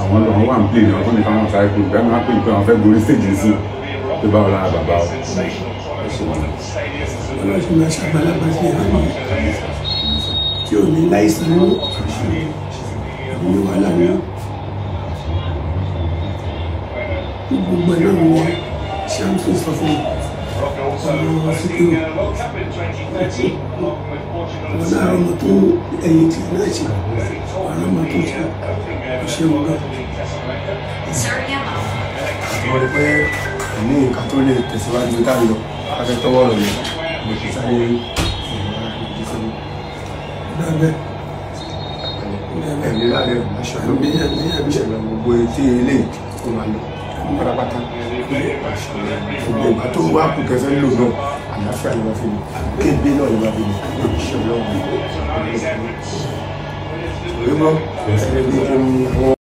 àwọn àwọn wà ń pè ní ọdún nìkan wọn sáré kúrò bẹ́ẹ̀ máa pè ní pé àwọn fẹ́ gorí stage sí pé báwo lára bàbá o ẹ ṣe wọn. ọlọ́sùn máa ṣàgbàlagbà sí ẹ̀rọ mi tí ò ní láìsàn mú àwọn ní wàhálà mi gbogbo ẹ̀ náà wọ ṣàǹtò sọ fún mi ọ̀rọ̀ síkúrò wọn náà rọmọ tó ẹ̀yìn tì náà ṣe àrọmọ tó ṣe ọṣẹ wọn gan. mo rí pé ní nǹkan tó lè tẹ̀síwájú tá a lọ afẹ́ tọwọ́ rẹ̀ yẹn mo ti sáré dábẹ́ ẹ̀mí lálẹ́ aṣọ àlọ́ bí yẹn bí yẹn bí ṣẹlẹ̀ gbogbo etí ilé kò máa lọ pátápátá ìgbà tó wá kù kẹsẹ́ lò náà àlàáfíà ni wọ́n really you um,